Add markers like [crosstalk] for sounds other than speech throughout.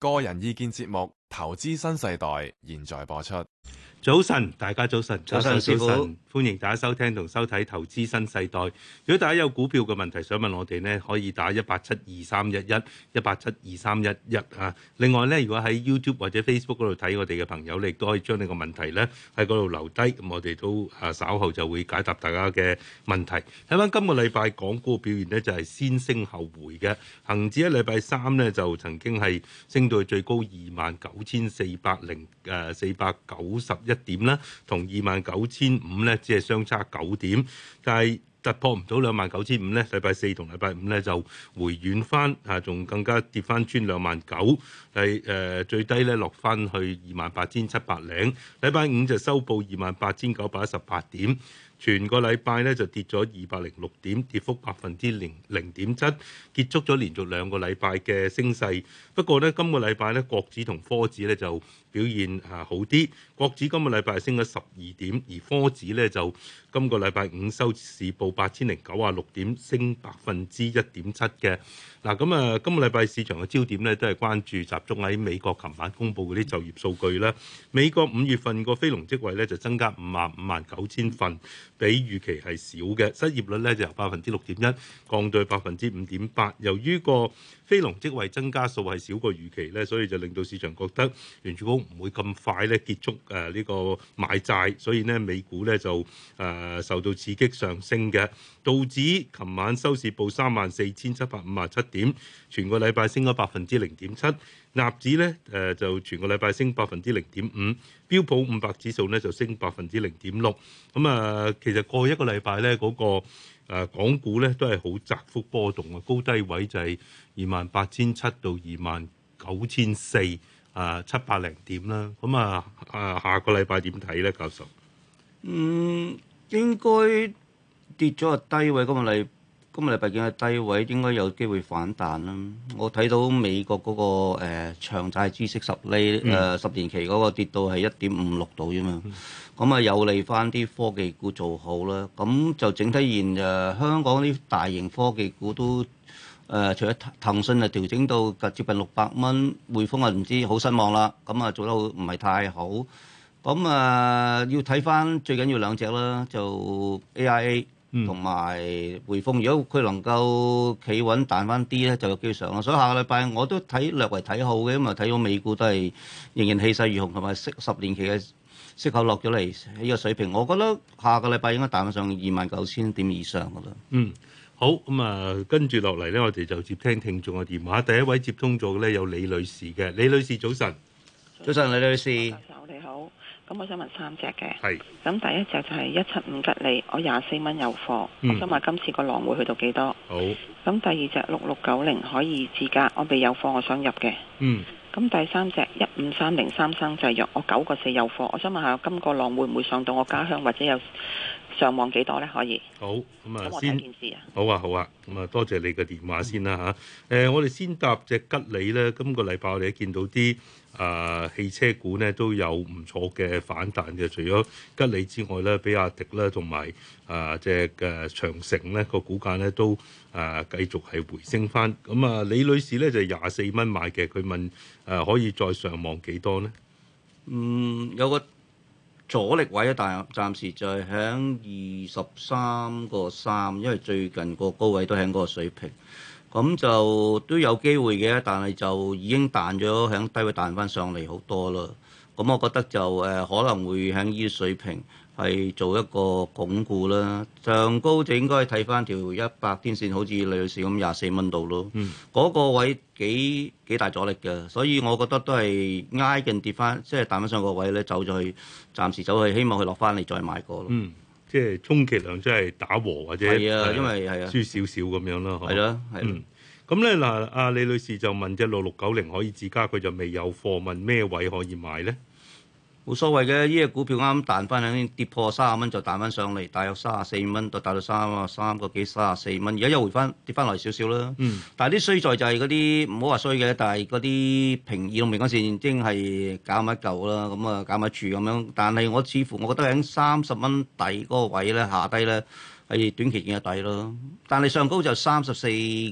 個人意見節目。投資新世代現在播出。早晨，大家早晨，早晨，早晨，歡迎大家收聽同收睇《投資新世代》。如果大家有股票嘅問題想問我哋呢，可以打一八七二三一一一八七二三一一啊。另外呢，如果喺 YouTube 或者 Facebook 嗰度睇我哋嘅朋友，你都可以將你嘅問題呢喺嗰度留低。咁我哋都啊稍後就會解答大家嘅問題。睇翻今個禮拜港股表現呢就係先升後回嘅，恒指一禮拜三呢，就曾經係升到去最高二萬九。九千四百零誒四百九十一點啦，同二萬九千五咧只係相差九點，但係突破唔到兩萬九千五咧。禮拜四同禮拜五咧就回軟翻，啊，仲更加跌翻穿兩萬九，係、呃、誒最低咧落翻去二萬八千七百零。禮拜五就收報二萬八千九百一十八點。全個禮拜咧就跌咗二百零六點，跌幅百分之零零點七，結束咗連續兩個禮拜嘅升勢。不過咧，今個禮拜咧國指同科指咧就表現啊好啲。國指今個禮拜升咗十二點，而科指咧就今個禮拜五收市報八千零九啊六點，升百分之一點七嘅。嗱咁啊，今個禮拜市場嘅焦點咧，都係關注集中喺美國，琴晚公布嗰啲就業數據啦。美國五月份個非農職位咧就增加五萬五萬九千份，比預期係少嘅。失業率咧就由百分之六點一降到百分之五點八。由於個非農職位增加數係少過預期咧，所以就令到市場覺得聯儲局唔會咁快咧結束誒呢個買債，所以呢，美股咧就誒受到刺激上升嘅，道指琴晚收市報三萬四千七百五十七點，全個禮拜升咗百分之零點七，納指咧誒就全個禮拜升百分之零點五，標普五百指數咧就升百分之零點六，咁、嗯、啊其實過去一個禮拜咧嗰個。誒、啊、港股咧都係好窄幅波動啊，高低位就係二萬八千七到二萬九千四啊，七百零點啦。咁啊啊，下，下個禮拜點睇咧，教授？嗯，應該跌咗個低位咁個禮。今日嚟睇見係低位，應該有機會反彈啦。我睇到美國嗰、那個誒長債孳息十釐誒十年期嗰個跌到係一點五六度啫嘛。咁、嗯、啊、嗯嗯、有利翻啲科技股做好啦。咁就整體現在、呃、香港啲大型科技股都誒、呃，除咗騰訊啊調整到接近六百蚊，匯豐啊唔知好失望啦。咁啊做得唔係太好。咁啊、呃、要睇翻最緊要兩隻啦，就 AIA。同埋匯豐，如果佢能夠企穩彈翻啲咧，就有機會上啦。所以下個禮拜我都睇略為睇好嘅，因為睇到美股都係仍然氣勢如虹，同埋息十年期嘅息口落咗嚟呢個水平，我覺得下個禮拜應該彈上二萬九千點以上嘅啦、嗯。嗯，好咁啊，跟住落嚟咧，我哋就接聽聽眾嘅電話。第一位接通咗嘅咧，有李女士嘅。李女士早晨，早晨李女士。咁我想問三隻嘅，咁是第一隻就係一七五吉利，我廿四蚊有貨，我想問今次個浪會去到幾多？好。咁第二隻六六九零可以自家，我未有貨，我想入嘅。咁第三隻一五三零三生製藥，我九個四有貨，我想問下今個浪會唔會上到我家鄉或者有？上望幾多咧？可以好咁啊！先好啊好啊！咁啊，多謝你嘅電話先啦、啊、嚇。誒、呃，我哋先答隻吉利咧。今個禮拜我哋見到啲啊、呃、汽車股咧都有唔錯嘅反彈嘅，除咗吉利之外咧，比亞迪咧同埋啊隻嘅長城咧個股價咧都啊繼、呃、續係回升翻。咁、呃、啊，李女士咧就廿四蚊買嘅，佢問誒、呃、可以再上望幾多呢？嗯，有個。阻力位一但係暫時就係喺二十三個三，因為最近個高位都喺嗰個水平，咁就都有機會嘅，但係就已經彈咗喺低位彈返上嚟好多咯，咁我覺得就誒可能會喺呢啲水平。係做一個鞏固啦，上高就應該睇翻條一百天線，好似李女士咁廿四蚊度咯。嗰、嗯、個位幾幾大阻力嘅，所以我覺得都係挨近跌翻，即係彈翻上個位咧走咗去，暫時走去，希望佢落翻嚟再買過咯。嗯，即係充其量即係打和或者係啊，因為係、呃、啊，輸少少咁樣咯。係咯、啊，係、啊。啊、嗯，咁咧嗱，阿李女士就問隻六六九零可以自加，佢就未有貨，問咩位可以買咧？冇所謂嘅，呢隻股票啱啱彈翻，已經跌破三十蚊就彈翻上嚟，大約三十四蚊就大到三啊三個幾三十四蚊，而家又回翻跌翻落少少啦。但係啲衰在就係嗰啲唔好話衰嘅，但係嗰啲平易六零嗰線已經係搞一嚿啦，咁啊搞一住咁樣。但係我似乎我覺得喺三十蚊底嗰個位咧下低咧。係短期見嘅底咯，但係上高就三十四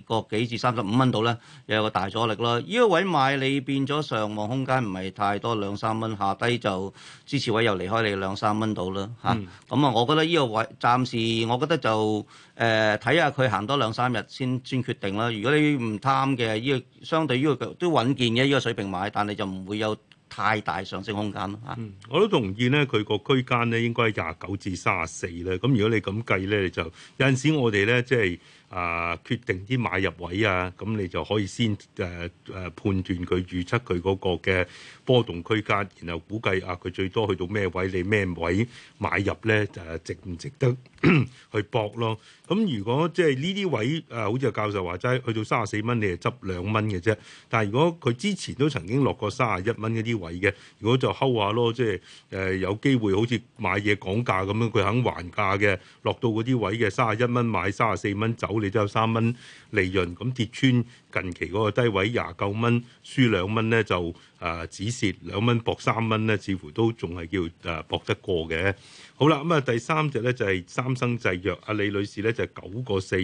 個幾至三十五蚊度又有個大阻力咯。呢、這個位買，你變咗上望空間唔係太多兩三蚊，下低就支持位又離開你兩三蚊度啦。嚇咁啊！我覺得呢個位暫時我覺得就誒睇下佢行多兩三日先先決定啦。如果你唔貪嘅呢個相對依、這個都穩健嘅呢、這個水平買，但係就唔會有。太大上升空間啦嚇、嗯，我都同意咧，佢個區間咧應該係廿九至三十四咧。咁如果你咁計咧，你就有陣時我哋咧即係。啊！決定啲買入位啊，咁、嗯、你就可以先誒誒、啊啊、判斷佢預測佢嗰個嘅波動區間，然後估計啊，佢最多去到咩位，你咩位買入咧誒？就值唔值得 [coughs] 去搏咯？咁、嗯、如果即係呢啲位誒，好似阿教授話齋，去到三十四蚊，你係執兩蚊嘅啫。但係如果佢之前都曾經落過三十一蚊嗰啲位嘅，如果就睺下咯，即係誒、呃、有機會好似買嘢講價咁樣，佢肯還價嘅，落到嗰啲位嘅三十一蚊買三十四蚊走。你都有三蚊利潤，咁跌穿近期嗰個低位廿九蚊，輸兩蚊咧就啊止蝕兩蚊搏三蚊咧，似乎都仲係叫啊搏得過嘅。好啦，咁啊第三隻咧就係三生製藥，阿李女士咧就九個四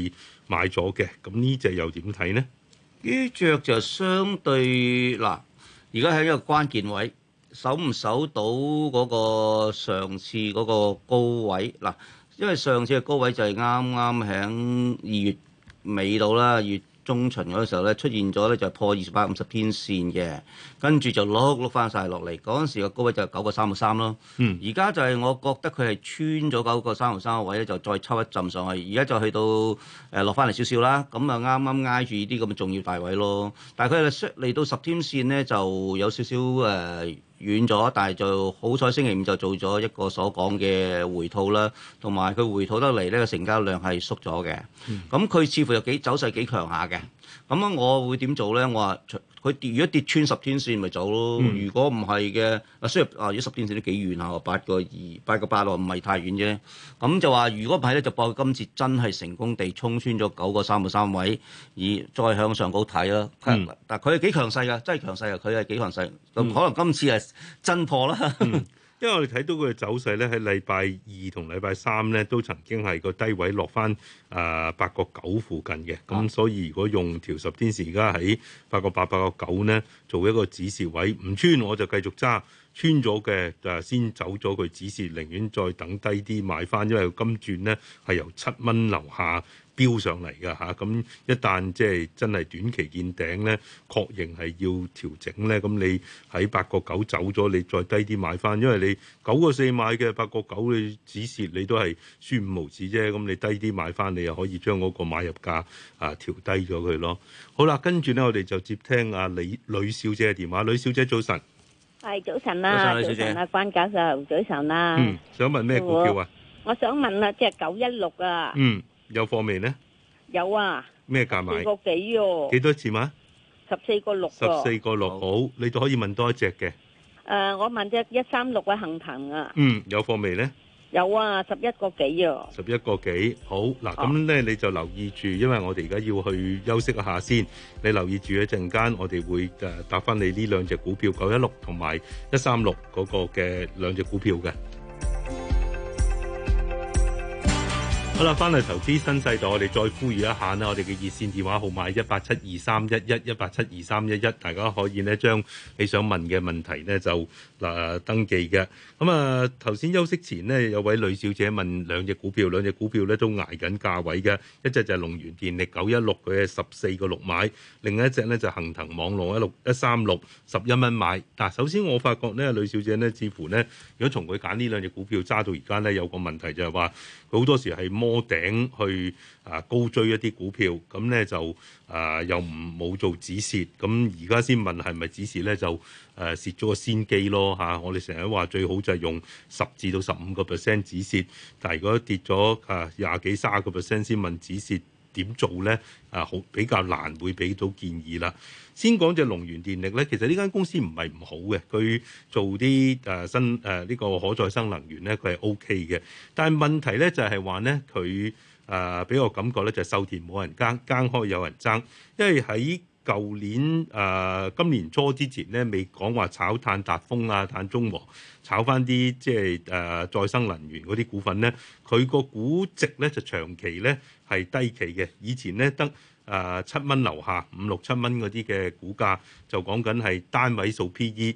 買咗嘅，咁呢隻又點睇呢？呢隻就相對嗱，而家喺一個關鍵位，守唔守到嗰個上次嗰個高位嗱？因為上次嘅高位就係啱啱喺二月尾到啦，二月中旬嗰陣時候咧出現咗咧就破二百五十天線嘅，跟住就碌碌翻晒落嚟。嗰陣時嘅高位就九個三個三咯。嗯，而家就係我覺得佢係穿咗九個三個三個位咧，就再抽一浸上去。而家就去到誒落翻嚟少少啦。咁啊啱啱挨住依啲咁嘅重要大位咯。但係佢嚟到十天線咧就有少少誒。呃遠咗，但係就好彩星期五就做咗一個所講嘅回吐啦，同埋佢回吐得嚟呢個成交量係縮咗嘅。咁佢、嗯、似乎又幾走勢幾強下嘅。咁樣我會點做咧？我話。佢跌，如果跌穿十天線咪走咯、嗯啊。如果唔係嘅，啊雖然啊，如果十天線都幾遠下，八個二、八個八咯，唔係太遠啫。咁就話，如果唔係咧，就搏今次真係成功地衝穿咗九個三個三位，而再向上高睇啦。嗯、但係佢係幾強勢㗎，真係強勢㗎。佢係幾強勢，咁可能今次係震破啦。嗯 [laughs] 因為我哋睇到佢嘅走勢咧，喺禮拜二同禮拜三咧都曾經係個低位落翻誒八個九附近嘅，咁所以如果用條十天線而家喺八個八、八個九咧，做一個指示位，唔穿我就繼續揸。穿咗嘅，就係先走咗佢止蝕，寧願再等低啲買翻，因為金轉咧係由七蚊樓下飆上嚟嘅嚇。咁一旦即係真係短期見頂咧，確認係要調整咧，咁你喺八個九走咗，你再低啲買翻，因為你九個四買嘅八個九嘅止蝕，你都係輸五毫子啫。咁你低啲買翻，你又可以將嗰個買入價啊調低咗佢咯。好啦，跟住咧，我哋就接聽阿、啊、李呂小姐嘅電話。呂小姐早晨。係早晨啦，早晨啦，關教授，早晨啦。嗯，想問咩股票啊？我想問啊，即係九一六啊。嗯，有貨未呢？有啊。咩價買？四個幾哦。幾多字嘛？十四個六。十四個六。好，你都可以問多一隻嘅。誒，我問隻一三六嘅恒騰啊。嗯，有貨未呢？有啊，十一個幾啊！十一個幾，好嗱，咁咧你就留意住，因為我哋而家要去休息一下先。你留意住一陣間，我哋會誒答翻你呢兩隻股票九一六同埋一三六嗰個嘅兩隻股票嘅。好啦，翻嚟投資新世代，我哋再呼籲一下啦，我哋嘅熱線電話號碼一八七二三一一一八七二三一一，11, 11, 大家可以咧將你想問嘅問題呢就嗱、呃、登記嘅。咁、嗯、啊，頭先休息前呢，有位女小姐問兩隻股票，兩隻股票呢都挨緊價位嘅，一隻就係龍源電力九一六，佢係十四個六買，另一隻呢，就恒、是、騰網絡一六一三六十一蚊買。嗱、啊，首先我發覺呢，女小姐呢，似乎呢，如果從佢揀呢兩隻股票揸到而家呢，有個問題就係話，佢好多時係。坡頂去啊高追一啲股票，咁咧就啊、呃、又唔冇做止蝕，咁而家先問係咪止蝕咧？就誒蝕咗個先機咯嚇、啊。我哋成日話最好就係用十至到十五個 percent 止蝕，但係如果跌咗啊廿幾卅個 percent 先問止蝕。點做咧？啊，好比較難，會俾到建議啦。先講隻龍源電力咧，其實呢間公司唔係唔好嘅，佢做啲誒、啊、新誒呢、啊這個可再生能源咧，佢係 OK 嘅。但係問題咧就係話咧，佢誒俾我感覺咧就係收田冇人耕，耕開有人爭，因為喺。舊年誒、呃、今年初之前咧，未講話炒碳達峰啊、碳中和，炒翻啲即係誒、呃、再生能源嗰啲股份咧，佢個估值咧就長期咧係低期嘅。以前咧得誒七蚊樓下，五六七蚊嗰啲嘅股價，就講緊係單位數 PE。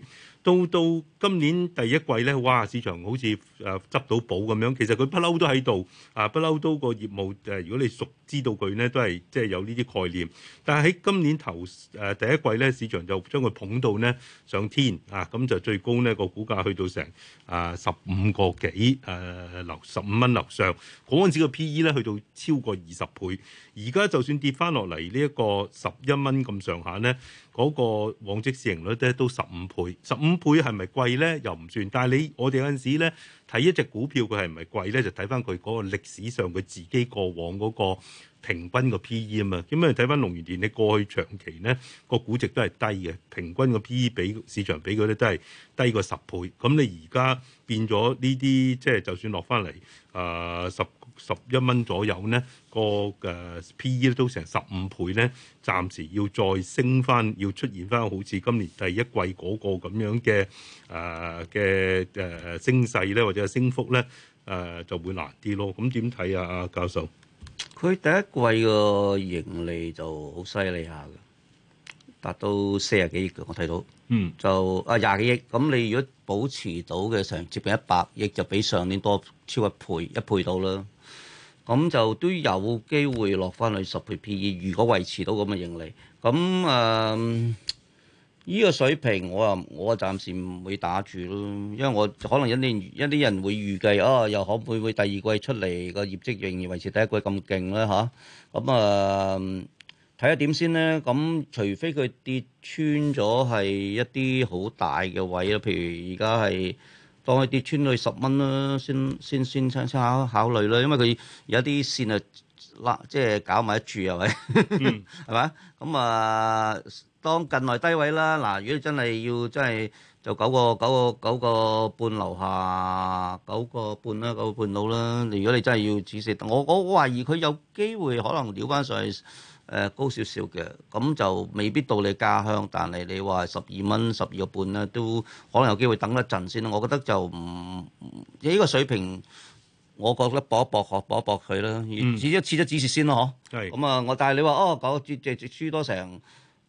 到到今年第一季呢，哇！市場好似誒執到寶咁樣，其實佢不嬲都喺度，啊不嬲都個業務誒，如果你熟知道佢呢，都係即係有呢啲概念。但係喺今年頭誒第一季呢，市場就將佢捧到呢上天啊！咁就最高呢個股價去到成啊十五個幾誒樓十五蚊樓上，嗰陣時個 P E 咧去到超過二十倍。而家就算跌翻落嚟呢一個十一蚊咁上下呢。嗰個往績市盈率咧都十五倍，十五倍係咪貴咧？又唔算，但係你我哋有陣時咧。睇一隻股票佢係唔係貴咧，就睇翻佢嗰個歷史上佢自己過往嗰個平均個 P E 啊嘛。咁樣睇翻龍源電，你過去長期咧個估值都係低嘅，平均個 P E 比市場比佢咧都係低個十倍。咁你而家變咗呢啲，即係就算落翻嚟啊十十一蚊左右咧，個誒、呃、P E 都成十五倍咧，暫時要再升翻，要出現翻好似今年第一季嗰個咁樣嘅啊嘅誒升勢咧，嘅升幅咧，誒就會難啲咯。咁點睇啊？教授，佢第一季嘅盈利就好犀利下㗎，達到四十幾億嘅，我睇到。嗯，就啊廿幾億。咁你如果保持到嘅成接近一百億，就比上年多超一倍一倍到啦。咁就都有機會落翻去十倍 P E。如果維持到咁嘅盈利，咁誒。啊呢個水平我，我啊我啊暫時唔會打住咯，因為我可能一啲一啲人會預計，啊又可唔會會第二季出嚟，這個業績仍然維持第一季咁勁咧吓，咁啊睇下點先咧，咁、嗯嗯、除非佢跌穿咗係一啲好大嘅位咯，譬如而家係當佢跌穿去十蚊啦，先先先差差考慮啦，因為佢有啲線啊啦，即係搞埋一住係咪？係咪、嗯？ [laughs] 咁、嗯、啊～、嗯當近來低位啦，嗱，如果你真係要真係就九個九個九個半樓下九個半啦，九個半到啦。如果你真係要止蝕，我我我懷疑佢有機會可能撩翻上去誒高少少嘅，咁就未必到你家鄉。但係你話十二蚊十二個半咧，都可能有機會等一陣先啦。我覺得就唔，呢、呢個水平，我覺得搏一搏，學搏一搏佢啦。拼一拼嗯。至少止咗止蝕先咯，嗬。咁啊是，我但係你話哦，九跌跌跌輸多成，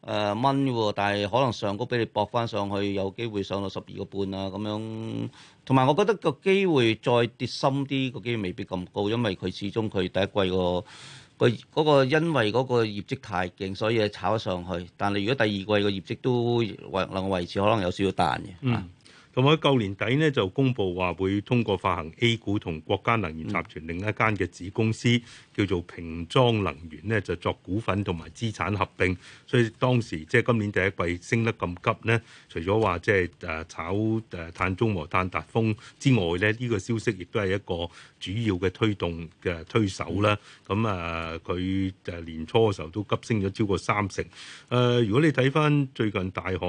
誒蚊喎，但係可能上高俾你搏翻上去，有機會上到十二個半啊咁樣。同埋我覺得個機會再跌深啲，個機會未必咁高，因為佢始終佢第一季個佢嗰個因為嗰個業績太勁，所以係炒咗上去。但係如果第二季個業績都維持可能有少少彈嘅。嗯，同埋喺舊年底呢，就公佈話會通過發行 A 股同國家能源集團另一間嘅子公司。叫做瓶裝能源咧，就作股份同埋資產合併，所以當時即係、就是、今年第一季升得咁急咧，除咗話即係誒炒誒碳中和、碳達峰之外咧，呢、這個消息亦都係一個主要嘅推動嘅推手啦。咁啊，佢誒年初嘅時候都急升咗超過三成。誒、啊，如果你睇翻最近大行，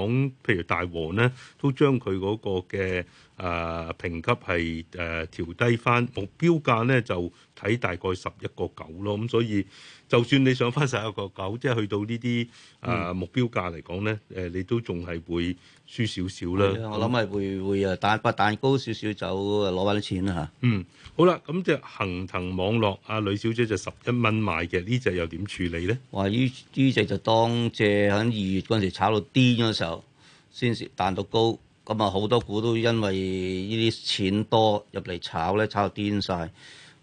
譬如大和咧，都將佢嗰個嘅。誒評級係誒調低翻目標價咧，就睇大概十一個九。咯咁所以就算你想翻十一個九，即係去到呢啲誒目標價嚟講咧，誒你都仲係會輸少少啦。我諗係會會誒打發蛋糕少少就攞翻啲錢啦嚇。嗯，好啦，咁即係恆騰網絡，阿呂小姐就十一蚊買嘅呢隻又點處理咧？話於呢隻就當借喺二月嗰陣時炒到癲嗰時候，先食蛋糕。咁啊，好多股都因為呢啲錢多入嚟炒咧，炒到癲晒。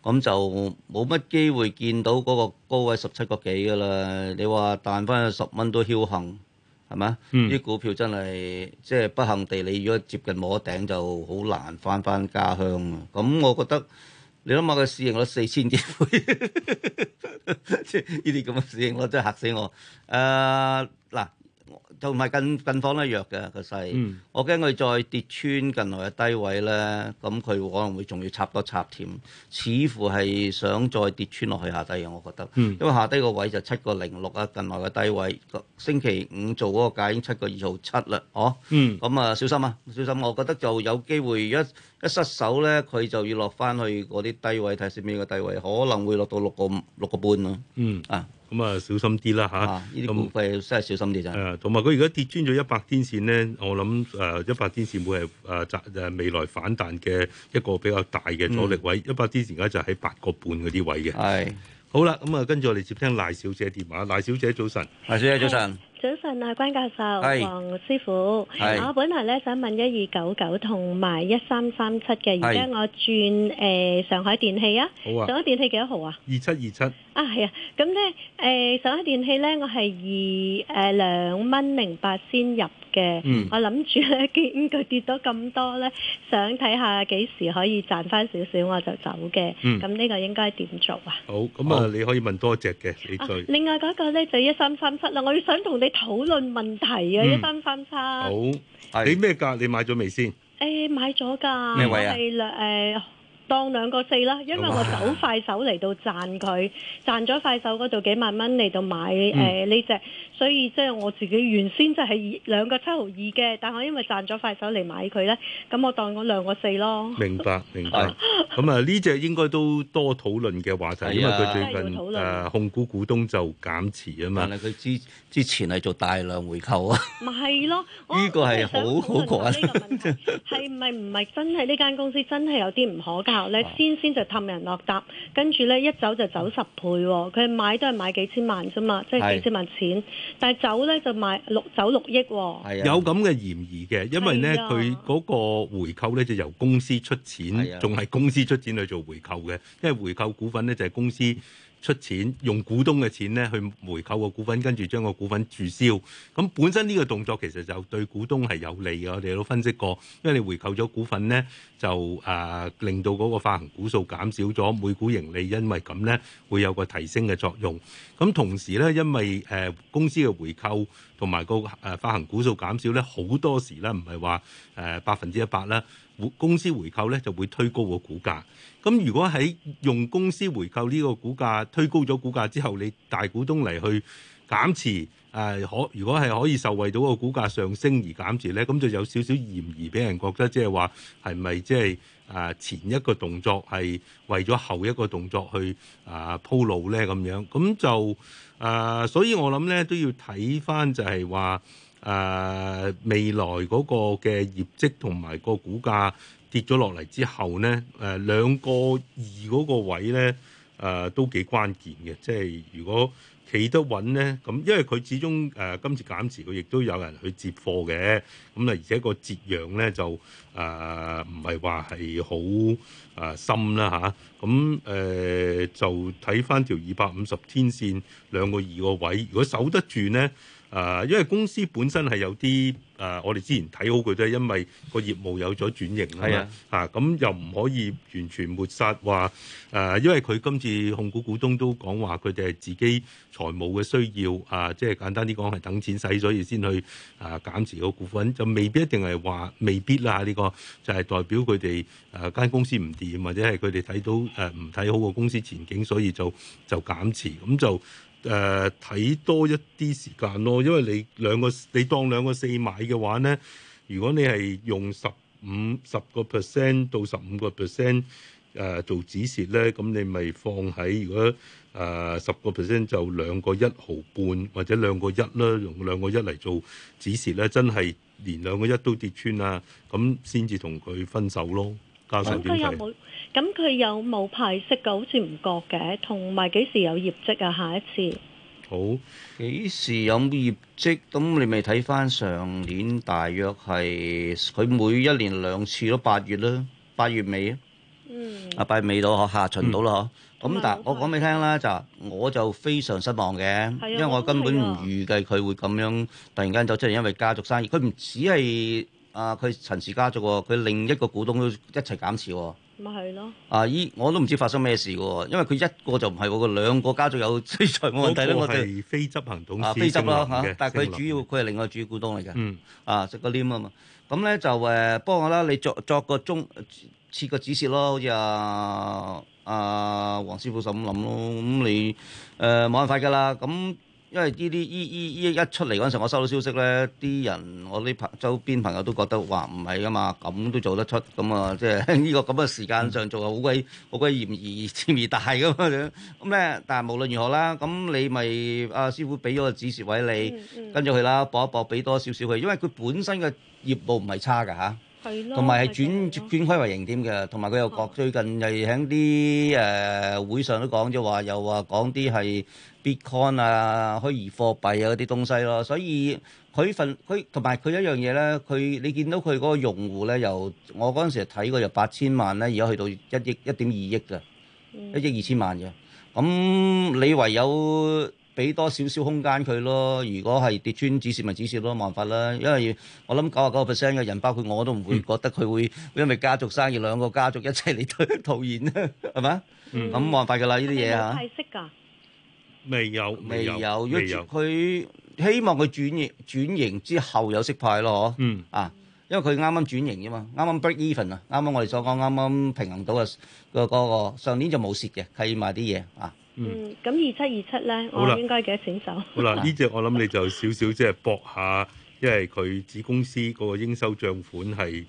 咁就冇乜機會見到嗰個高位十七個幾㗎啦。你話彈翻去十蚊都僥倖，係嘛？啲、嗯、股票真係即係不幸地，你如果接近摸頂就好難翻翻家鄉啦。咁我覺得你諗下佢市盈率四千幾倍，即係呢啲咁嘅市盈率真係嚇死我。誒嗱。同埋近近況都弱嘅個勢，嗯、我驚佢再跌穿近來嘅低位咧，咁佢可能會仲要插多插添，似乎係想再跌穿落去下低嘅，我覺得。嗯、因為下低個位就七個零六啊，近來嘅低位，星期五做嗰個價已經七個二號七啦，哦，咁啊、嗯、小心啊，小心、啊！我覺得就有機會一一失手咧，佢就要落翻去嗰啲低位睇下先邊個低位，可能會落到六個六個半咯，啊！咁、嗯、啊，小心啲啦吓，呢啲股市真係小心啲就係。誒，同埋佢而家跌穿咗一百天線咧，我諗誒一百天線會係誒集誒未來反彈嘅一個比較大嘅阻力位。一百、嗯、天線而家就喺八個半嗰啲位嘅。係、哎。好啦，咁、嗯、啊，跟住我哋接聽賴小姐電話。賴小姐早晨。賴小姐早晨。早晨啊，關教授，是黃師傅，是我本來咧想問一二九九同埋一三三七嘅，而家是我轉誒、呃、上海電器啊，好啊，上海電器幾多號啊？二七二七啊，係啊，咁咧誒上海電器咧我係二誒兩蚊零八先入。嘅，我諗住咧，見佢跌到咁多咧，想睇下幾時可以賺翻少少，我就走嘅。咁呢個應該點做啊？好，咁啊，你可以問多隻嘅，你再。另外嗰個咧就一三三七啦，我要想同你討論問題啊，一三三七。好，係咩價？你買咗未先？誒，買咗噶，咩位啊？我係誒當兩個四啦，因為我走快手嚟到賺佢，賺咗快手嗰度幾萬蚊嚟到買誒呢隻。所以即係我自己原先就係兩個七毫二嘅，但我因為賺咗快手嚟買佢咧，咁我當我兩個四咯。明白，明白。咁啊，呢隻應該都多討論嘅話題，因為佢最近誒控股股東就減持啊嘛。但係佢之之前係做大量回購啊。唔係咯，呢個係好好過癮。係咪，唔係真係呢間公司真係有啲唔可靠咧？先先就氹人落搭，跟住咧一走就走十倍。佢買都係買幾千萬啫嘛，即係幾千萬錢。但係走咧就賣六走六億喎、哦，啊、有咁嘅嫌疑嘅，因為咧佢嗰個回購咧就由公司出錢，仲係、啊、公司出錢去做回購嘅，因為回購股份咧就係、是、公司出錢用股東嘅錢咧去回購個股份，跟住將個股份註銷。咁本身呢個動作其實就對股東係有利嘅，我哋都分析過，因為你回購咗股份咧。就誒、呃、令到嗰個發行股數減少咗，每股盈利因為咁呢會有個提升嘅作用。咁同時呢，因為誒、呃、公司嘅回購同埋個誒發行股數減少呢，好多時呢唔係話誒百分之一百啦，公司回購呢就會推高個股價。咁如果喺用公司回購呢個股價推高咗股價之後，你大股東嚟去減持。誒可如果係可以受惠到個股價上升而減持咧，咁就有少少嫌疑俾人覺得，即係話係咪即係誒前一個動作係為咗後一個動作去誒、呃、鋪路咧咁樣？咁就誒，所以我諗咧都要睇翻，就係話誒未來嗰個嘅業績同埋個股價跌咗落嚟之後咧，誒、呃、兩個二嗰個位咧誒、呃、都幾關鍵嘅，即係如果。企得穩咧，咁因為佢始終誒、呃、今次減持，佢亦都有人去接貨嘅，咁啊，而且個節陽咧就誒唔係話係好誒深啦嚇，咁、啊、誒、呃、就睇翻條二百五十天線兩個二個位，如果守得住咧。啊，因為公司本身係有啲啊，我哋之前睇好佢都係，因為個業務有咗轉型啦啊咁、嗯、又唔可以完全抹殺話，誒、啊，因為佢今次控股股東都講話佢哋係自己財務嘅需要啊，即、就、係、是、簡單啲講係等錢使，所以先去啊減持個股份，就未必一定係話未必啦，呢、這個就係代表佢哋間公司唔掂，或者係佢哋睇到誒唔睇好個公司前景，所以就就減持咁就。誒睇、呃、多一啲時間咯，因為你兩個你當兩個四買嘅話咧，如果你係用十五十個 percent 到十五個 percent 誒做止蝕咧，咁你咪放喺如果誒十個 percent 就兩個一毫半或者兩個一啦，用兩個一嚟做止蝕咧，真係連兩個一都跌穿啦，咁先至同佢分手咯。咁佢有冇咁佢有冇派息嘅？好似唔覺嘅，同埋幾時有業績啊？下一次好幾時有業績？咁你咪睇翻上年，大約係佢每一年兩次咯，八月咧，八月尾啊，啊八月尾到呵，下旬到啦呵。咁但係我講俾你聽啦，就我就非常失望嘅，因為我根本唔預計佢會咁樣突然間走出嚟，因為家族生意，佢唔只係。啊！佢陳氏家族喎，佢另一個股東都一齊減持喎。咪係咯。啊！依我都唔知發生咩事嘅喎，因為佢一個就唔係喎，佢兩個家族有財務問題咧。我哋非執行董事、啊、非執咯嚇、啊，但係佢主要佢係林另外主要股東嚟嘅、嗯啊。嗯。啊，食個簾啊嘛。咁咧就誒幫我啦，你作作個中設個指示咯，好似阿阿黃師傅咁諗咯。咁、啊、你誒冇、啊、辦法㗎啦。咁、啊。啊啊啊因為呢啲一出嚟嗰陣時，我收到消息呢，啲人我啲朋周邊朋友都覺得，哇唔係噶嘛，咁都做得出，咁啊即係呢個咁嘅時間上做係好鬼好鬼嫌疑嫌疑大噶嘛，咁呢，但係無論如何啦，咁你咪阿師傅俾咗個指示位你跟住佢啦，搏一搏俾多少少佢，因為佢本身嘅業務唔係差噶嚇。係咯，同埋係轉轉虧為盈點嘅，同埋佢又講最近又喺啲誒會上都講咗話又話講啲係 bitcoin 啊虛擬貨幣啊嗰啲東西咯，所以佢份佢同埋佢一樣嘢咧，佢你見到佢嗰個用戶咧，由我嗰陣時睇過由八千萬咧，而家去到一億一點二億嘅一億二千萬嘅，咁你唯有。俾多少少空間佢咯，如果係跌穿指線咪指線咯，冇辦法啦。因為我諗九啊九個 percent 嘅人，包括我，我都唔會覺得佢會因為家族生意兩個家族一齊嚟吐現咧，係嘛？咁冇、嗯、辦法噶啦，呢啲嘢啊。未識噶，未有未有，佢希望佢轉型轉型之後有息派咯，嗯啊，因為佢啱啱轉型啫嘛，啱啱 break even 啊，啱啱我哋所講啱啱平衡到啊、那個，個嗰個上年就冇蝕嘅，計埋啲嘢啊。嗯，咁二七二七咧，我了應該幾多選手？好啦了，呢隻 [laughs] 我諗你就少少即係搏下，因為佢子公司嗰個應收帳款係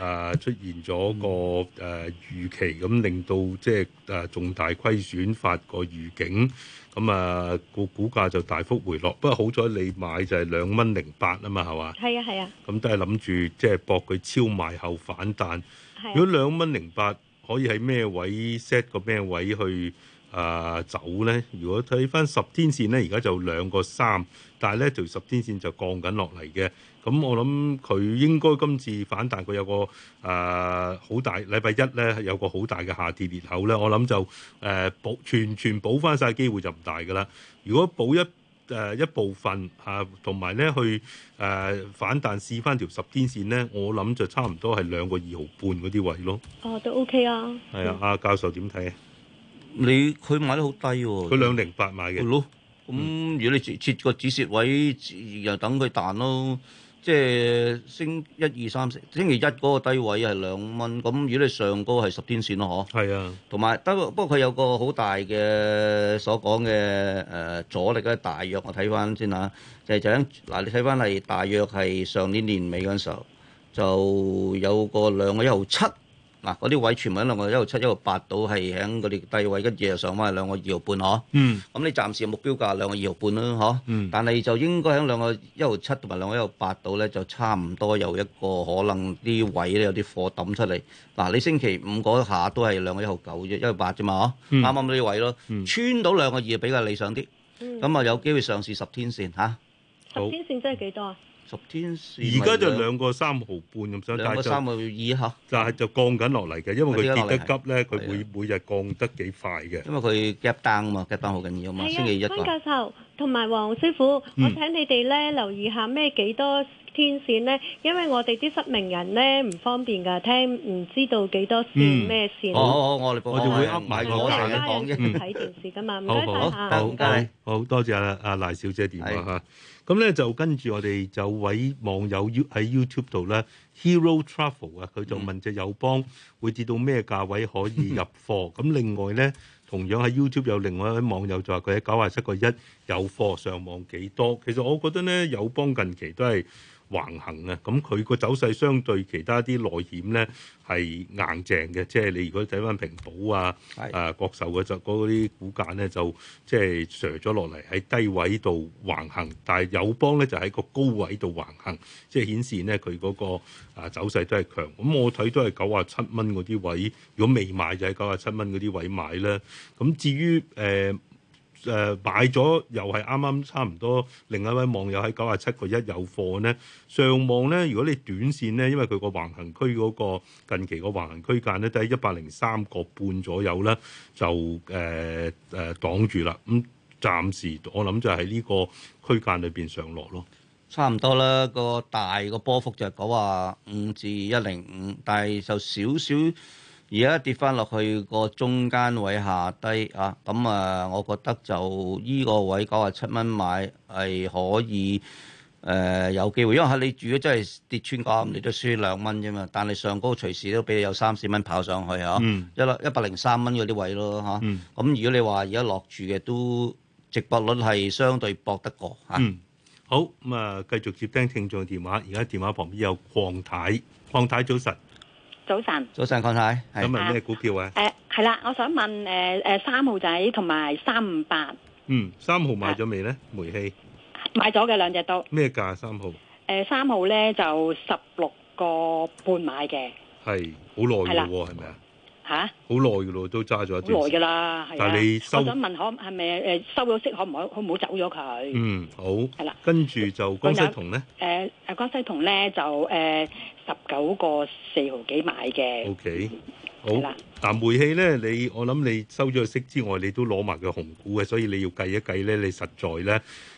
啊、呃、出現咗個誒、呃、預期，咁、嗯、令到即係誒重大虧損發個預警，咁、嗯、啊個股價就大幅回落。不過好彩你買就係兩蚊零八啊嘛，係嘛？係啊係啊。咁都係諗住即係搏佢超賣後反彈。啊、如果兩蚊零八可以喺咩位 set 個咩位去？誒、呃、走咧，如果睇翻十天線咧，而家就兩個三，但係咧條十天線就降緊落嚟嘅。咁、嗯、我諗佢應該今次反彈，佢有個誒好、呃、大禮拜一咧，有個好大嘅下跌裂口咧。我諗就誒補、呃、全全補翻晒嘅機會就唔大噶啦。如果補一誒、呃、一部分啊，同埋咧去誒、呃、反彈試翻條十天線咧，我諗就差唔多係兩個二毫半嗰啲位咯。哦、啊，都 OK 啊。係啊，阿教授點睇？你佢買得好低喎、哦？佢兩零八買嘅，咯、嗯。咁、嗯、如果你設個止蝕位，又等佢彈咯。即係升一二三四，星期一嗰個低位係兩蚊。咁如果你上高個係十天線咯，嗬。係啊。同埋得，不過佢有個好大嘅所講嘅誒阻力咧、就是，大約我睇翻先吓。就就咁嗱，你睇翻係大約係上年年尾嗰陣時候就有個兩個一毫七。嗱，嗰啲、啊、位全部喺兩個一號七、一號八到係喺佢哋低位跟住又上翻兩個二號半嗬。2. 2. 5, 啊、嗯。咁你暫時目標價兩個二號半啦，嗬。但係就應該喺兩個一號七同埋兩個一號八到咧，就差唔多有一個可能啲位咧有啲貨抌出嚟。嗱、啊，你星期五嗰下都係兩個一號九啫，一號八啫嘛，啱啱呢位咯，穿到兩個二比較理想啲。咁啊、嗯，有機會上試十天線嚇。十、啊、天線即係幾多啊？十天線，而家就兩個三毫半咁上下，兩個三個月以下。但係就降緊落嚟嘅，因為佢跌得急咧，佢每每日降得幾快嘅。因為佢 gap down 嘛，gap down 好緊要嘛。星期一。潘教授同埋黃師傅，我請你哋咧留意下咩幾多天線咧？因為我哋啲失明人咧唔方便㗎，聽唔知道幾多線咩線。好好，我哋播，我哋會買個眼鏡睇電視㗎嘛。好好，好，好多謝阿阿賴小姐電話嚇。咁咧就跟住我哋有位網友喺 YouTube 度咧 Hero Travel 啊，佢就問隻友邦會跌到咩價位可以入貨？咁 [laughs] 另外咧同樣喺 YouTube 有另外一位網友就話佢喺九十七個一有貨，上網幾多？其實我覺得咧友邦近期都係。橫行啊，咁佢個走勢相對其他啲內險咧係硬淨嘅，即係你如果睇翻平保啊、誒的、啊、國壽嘅就嗰啲股價咧就即係瀉咗落嚟喺低位度橫行，但係友邦咧就喺個高位度橫行，即係顯示咧佢嗰個啊走勢都係強。咁我睇都係九啊七蚊嗰啲位，如果未買就喺九啊七蚊嗰啲位買啦。咁至於誒。呃誒、呃、買咗又係啱啱差唔多，另一位網友喺九十七個一有貨呢，上望呢。如果你短線呢，因為佢個橫行區嗰、嗰個近期個橫行區間呢，都喺一百零三個半左右呢，就誒誒、呃呃、擋住啦。咁、嗯、暫時我諗就喺呢個區間裏邊上落咯，差唔多啦。個大個波幅就係九五至一零五，5，但係就少少。而家跌翻落去個中間位下低啊，咁、嗯、啊，我覺得就依個位九啊七蚊買係可以誒、呃、有機會，因為嚇你住咗真係跌穿價，你都輸兩蚊啫嘛。但係上高隨時都俾你有三四蚊跑上去嚇，一一百零三蚊嗰啲位咯嚇。咁如果你話而家落住嘅都值博率係相對搏得過嚇。好咁啊、嗯，繼續接聽聽眾電話。而家電話旁邊有鄺太，鄺太早晨。早晨，早晨鄺太，咁咪咩股票啊？誒，係啦，我想問誒誒三號仔同埋三五八。嗯，三號買咗未咧？煤氣。買咗嘅兩隻都。咩價三號？誒，三號咧就十六個半買嘅。係，好耐喎，係咪啊？吓！好耐嘅咯，都揸咗一啲耐嘅啦，係、啊、你收我想問是是收可係咪誒收咗息可唔可可唔好走咗佢？嗯，好。係啦、啊，跟住就江西銅咧。誒，誒，江西銅咧、呃呃、就誒十九個四毫幾買嘅。O、okay. K，好。係啦、啊，嗱，煤氣咧，你我諗你收咗息之外，你都攞埋佢紅股嘅，所以你要計一計咧，你實在咧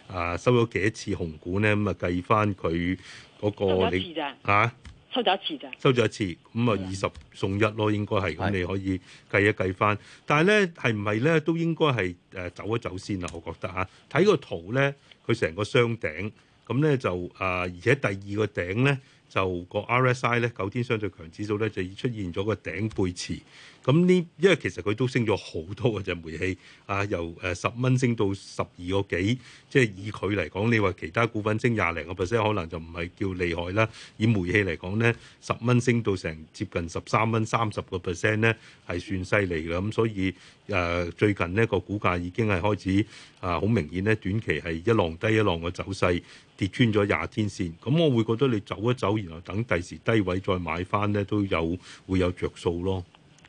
啊、呃、收咗幾多次紅股咧，咁啊計翻佢嗰個你啊。收咗一次咋？收咗一次，咁啊二十送一咯，應該係，咁你可以計一計翻。但係咧，係唔係咧都應該係誒走一走先啊？我覺得啊，睇個圖咧，佢成個箱頂，咁咧就啊、呃，而且第二個頂咧就個 RSI 咧九天相對強指數咧就已出現咗個頂背馳。咁呢？因為其實佢都升咗好多啊！隻煤氣啊，由誒、呃、十蚊升到十二個幾。即係以佢嚟講，你話其他股份升廿零個 percent，可能就唔係叫厲害啦。以煤氣嚟講呢，十蚊升到成接近十三蚊，三十個 percent 呢係算犀利嘅。咁所以誒、呃，最近呢個股價已經係開始啊，好、呃、明顯呢，短期係一浪低一浪嘅走勢，跌穿咗廿天線。咁我會覺得你走一走，然後等第時低位再買翻呢，都有會有着數咯。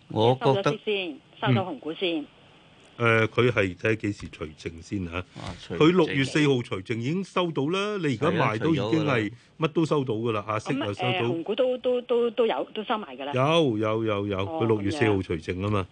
我覺得先收到紅股先。誒、嗯，佢係睇下幾時除淨先吓、啊。佢六月四號除淨已經收到啦。你而家賣都已經係乜都收到噶啦。啊，息又收到。嗯呃、紅股都都都都有，都收埋噶啦。有有有有，佢六月四號除淨啊嘛。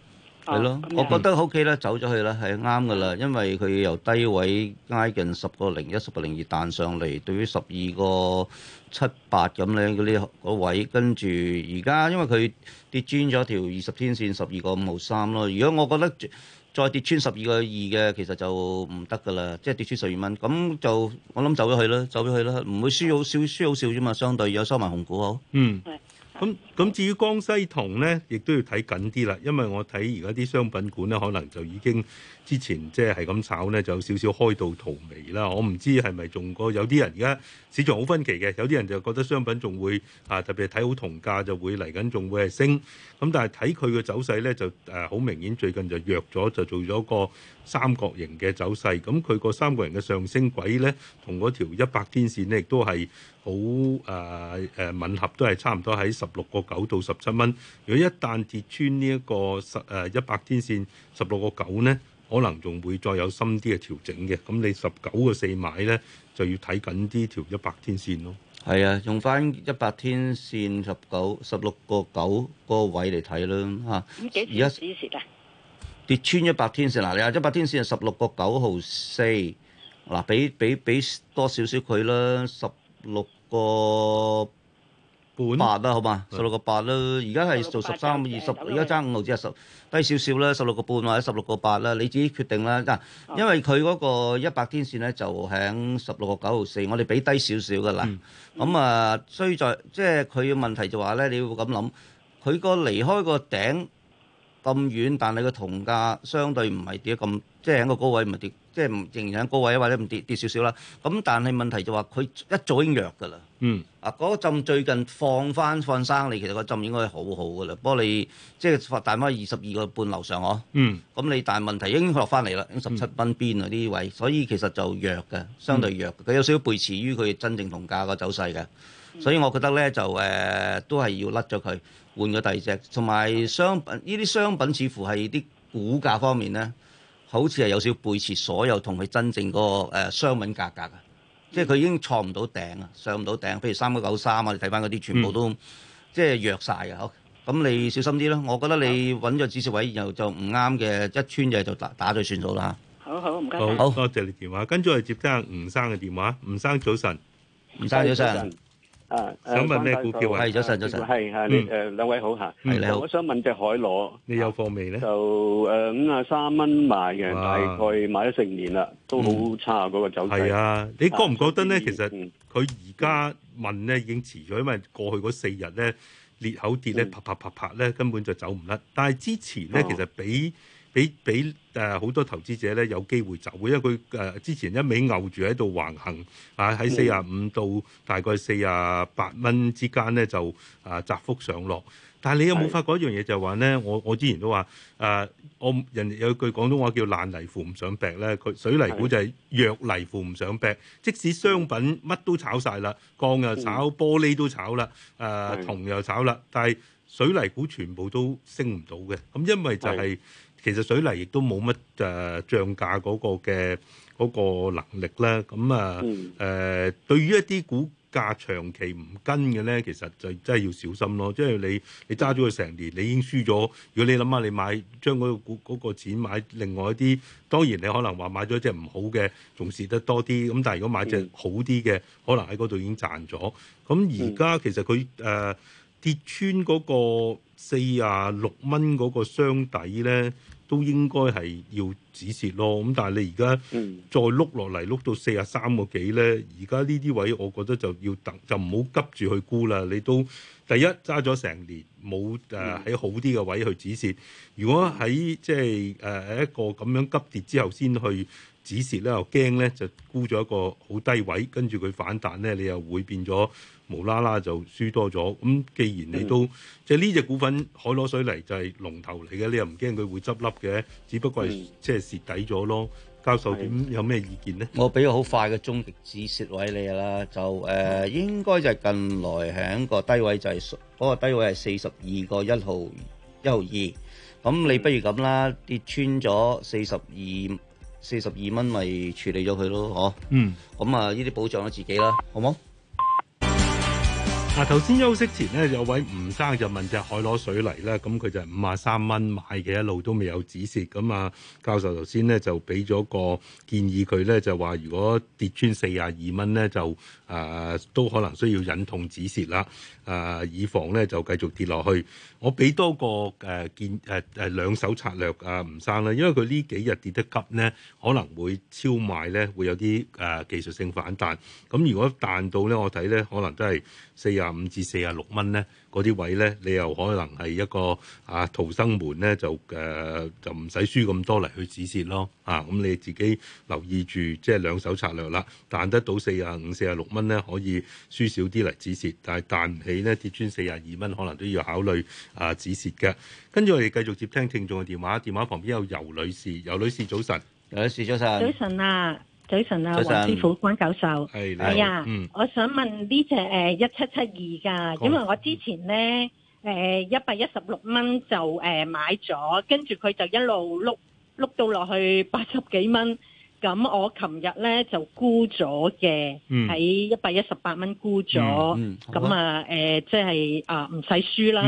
係咯，啊、我覺得 OK 啦，走咗去啦，係啱㗎喇。因為佢由低位挨近十個零一、十個零二彈上嚟，對於十二個七八咁咧嗰啲位，跟住而家因為佢跌穿咗條二十天線十二個五毫三咯。53，如果我覺得再跌穿十二個二嘅，其實就唔得㗎喇，即係跌穿十二蚊。咁就我諗走咗去啦，走咗去啦，唔會輸好少，輸好少啫嘛。相對有收埋紅股，好嗯。咁咁至於江西銅咧，亦都要睇緊啲啦，因為我睇而家啲商品館咧，可能就已經。之前即係咁炒呢，就有少少開到荼蘼啦。我唔知係咪仲過有啲人而家市場好分歧嘅，有啲人就覺得商品仲會啊，特別睇好銅價就會嚟緊仲會係升。咁但係睇佢嘅走勢呢，就誒好明顯最近就弱咗，就做咗個三角形嘅走勢。咁佢個三角形嘅上升軌呢，同嗰條一百天線呢，亦都係好誒誒吻合，都係差唔多喺十六個九到十七蚊。如果一旦跌穿呢一個十誒一百天線十六個九呢。可能仲會再有深啲嘅調整嘅，咁你十九個四買咧，就要睇緊啲條一百天線咯。係啊，用翻一百天線十九、十六個九個位嚟睇啦嚇。咁而家幾時跌蝕啊？跌穿一百天線嗱，你一百天線係十六個九號四嗱，俾俾俾多少少佢啦，十六個。半八啦，好嘛？十六個八啦。而家係做十三二十，而家爭五毫子，十低少少啦，十六個半或者十六個八啦，你自己決定啦。因為佢嗰個一百天線咧就喺十六個九毫四，我哋俾低少少噶啦。咁啊、嗯，雖、嗯、在即係佢嘅問題就話、是、咧，你要咁諗，佢個離開個頂咁遠，但你個銅價相對唔係跌咁，即係喺個高位唔係跌。即係唔仍然喺高位啊，或者唔跌跌少少啦。咁但係問題就話佢一早已經弱㗎啦。嗯。啊，嗰陣最近放翻放生你其實個陣應該好好㗎啦。不過你即係發大媽二十二個半樓上呵。嗯。咁你、嗯、但係問題已經落翻嚟啦，已經十七蚊邊啦啲位，所以其實就弱嘅，相對弱佢、嗯、有少少背馳於佢真正同價個走勢嘅。所以我覺得咧就誒、呃、都係要甩咗佢，換咗第二隻。同埋商品呢啲商品似乎係啲股價方面咧。好似係有少背持所有同佢真正嗰個、呃、商品價格嘅，即係佢已經坐唔到頂啊，上唔到頂。譬如三九九三啊，你睇翻嗰啲全部都、嗯、即係弱晒嘅，好。咁你小心啲咯。我覺得你揾咗指示位然後就唔啱嘅，一穿嘢就打打咗算數啦。好，好，唔該。好多謝你電話，跟住嚟接聽下吳生嘅電話。吳生早晨，吳生早晨。啊！想問咩股票啊？係，早晨，早晨，係係，誒兩位好吓，你好，我想問隻海螺，你有貨未咧？就誒五啊三蚊買嘅，大概買咗成年啦，都好差嗰個走勢。係啊，你覺唔覺得咧？其實佢而家問咧已經遲咗，因為過去嗰四日咧裂口跌咧，啪啪啪啪咧，根本就走唔甩。但係之前咧，其實比。俾俾誒好多投資者咧有機會走，因為佢誒之前一味牛住喺度橫行啊，喺四十五到大概四十八蚊之間咧就啊窄幅上落。但係你有冇發覺一樣嘢就係話咧？我我之前都話誒，我人哋有句廣東話叫爛泥扶唔上壁咧。佢水泥股就係弱泥扶唔上壁，即使商品乜都炒曬啦，鋼又炒，玻璃都炒啦，誒銅又炒啦，但係水泥股全部都升唔到嘅。咁因為就係。其實水泥亦都冇乜誒漲價嗰個嘅嗰、嗰個能力咧，咁啊誒對於一啲股價長期唔跟嘅咧，其實就真係要小心咯。即係你你揸咗佢成年，你已經輸咗。如果你諗下你買將嗰個股嗰、嗰個錢買另外一啲，當然你可能話買咗隻唔好嘅，仲蝕得多啲。咁但係如果買隻好啲嘅，嗯、可能喺嗰度已經賺咗。咁而家其實佢誒、呃、跌穿嗰個四啊六蚊嗰個箱底咧。都應該係要止蝕咯，咁但係你而家再碌落嚟碌到四十三個幾咧，而家呢啲位我覺得就要等，就唔好急住去沽啦。你都第一揸咗成年冇誒喺好啲嘅位去止蝕，如果喺即係誒一個咁樣急跌之後先去止蝕咧，又驚咧就沽咗一個好低位，跟住佢反彈咧，你又會變咗。無啦啦就輸多咗，咁既然你都、嗯、即係呢隻股份海螺水泥就係龍頭嚟嘅，你又唔驚佢會執笠嘅，只不過係、嗯、即係蝕底咗咯。教授，點有咩意見呢？我俾個好快嘅終極止蝕位你啦，就誒、呃、應該就係近來喺個低位就係、是、嗰、那個低位係四十二個一毫一毫二，咁你不如咁啦，跌穿咗四十二四十二蚊咪處理咗佢咯，嗬？嗯，咁啊呢啲保障咗自己啦，好冇？嗱，頭先、啊、休息前咧，有位吳生就問隻海螺水泥咧，咁佢就五啊三蚊買嘅，一路都未有止蝕咁啊。教授頭先咧就俾咗個建議佢咧，就話如果跌穿四啊二蚊咧，就誒、呃、都可能需要忍痛止蝕啦。誒、啊，以防咧就繼續跌落去，我俾多個誒、啊、建誒誒、啊、兩手策略啊，吳生啦，因為佢呢幾日跌得急咧，可能會超賣咧，會有啲誒、啊、技術性反彈。咁、啊、如果彈到咧，我睇咧可能都係四十五至四十六蚊咧，嗰啲位咧，你又可能係一個啊逃生門咧，就誒、啊、就唔使輸咁多嚟去止蝕咯。啊，咁、嗯、你自己留意住即係兩手策略啦。彈得到四十五、四十六蚊咧，可以輸少啲嚟止蝕，但係彈唔起，你咧跌穿四十二蚊，可能都要考慮啊止蝕嘅。跟住我哋繼續接聽聽眾嘅電話，電話旁邊有游女士。游女士早晨，誒，先生早晨啊，早晨啊，黃師傅、關教授，係你好。嗯，我想問呢隻誒一七七二噶因為我之前咧誒一百一十六蚊就誒買咗，跟住佢就一路碌碌到落去八十幾蚊。咁我琴日咧就沽咗嘅，喺一百一十八蚊沽咗，咁啊誒，即係啊唔使輸啦。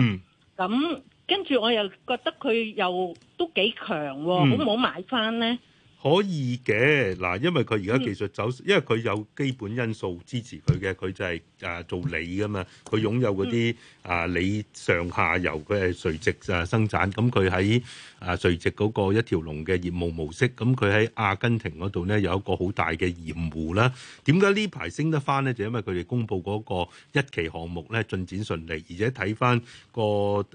咁、嗯、跟住我又覺得佢又都幾強、哦，嗯、好唔好買翻咧？可以嘅，嗱，因為佢而家技術走，因為佢有基本因素支持佢嘅，佢就係誒做鋰噶嘛，佢擁有嗰啲啊鋰上下游，佢係垂直啊生產，咁佢喺啊垂直嗰個一條龍嘅業務模式，咁佢喺阿根廷嗰度咧有一個好大嘅鹽湖啦。點解呢排升得翻咧？就因為佢哋公布嗰個一期項目咧進展順利，而且睇翻個誒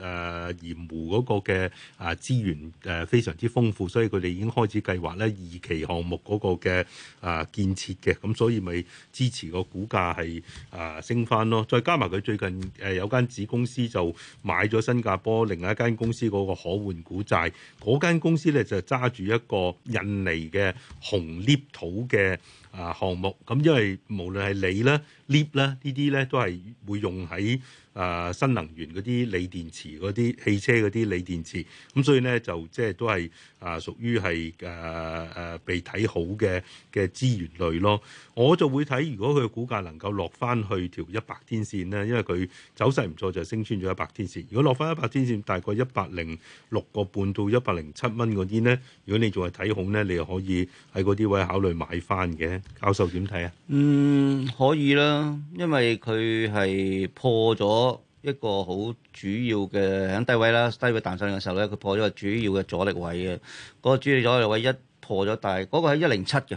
鹽湖嗰個嘅啊資源誒非常之豐富，所以佢哋已經開始計劃咧。二期項目嗰個嘅啊建設嘅，咁所以咪支持個股價係啊升返咯，再加埋佢最近誒有間子公司就買咗新加坡另外一間公司嗰個可換股債，嗰間公司咧就揸住一個印尼嘅紅泥土嘅。啊！項目咁，因為無論係鋰咧、鋁啦，呢啲咧，都係會用喺啊、呃、新能源嗰啲鋰電池、嗰啲汽車嗰啲鋰電池，咁所以咧就即係都係啊屬於係啊啊，啊被睇好嘅嘅資源類咯。我就會睇，如果佢嘅股價能夠落翻去條一百天線咧，因為佢走勢唔錯，就係、升穿咗一百天線。如果落翻一百天線，大概一百零六個半到一百零七蚊嗰啲咧，如果你仲係睇好咧，你就可以喺嗰啲位考慮買翻嘅。教授點睇啊？嗯，可以啦，因為佢係破咗一個好主要嘅喺低位啦，低位彈上嘅時候咧，佢破咗個主要嘅阻力位嘅，嗰、那個主力阻力位一破咗，但係嗰個喺一零七嘅，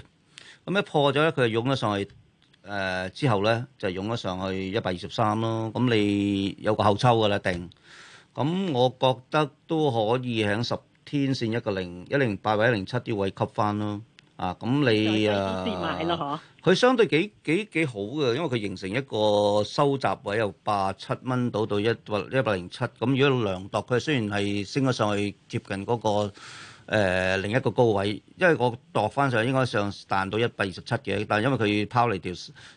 咁一破咗咧，佢就湧咗上去，誒、呃、之後咧就湧咗上去一百二十三咯，咁你有個後抽噶啦定，咁我覺得都可以喺十天線一個零一零八或一零七啲位吸返咯。啊，咁你啊，買咯，佢相對幾幾幾好嘅，因為佢形成一個收集位由 1,，有八七蚊到到一一百零七。咁如果量度佢雖然係升咗上去，接近嗰、那個、呃、另一個高位，因為我度翻上應該上彈到一百二十七嘅，但係因為佢拋離條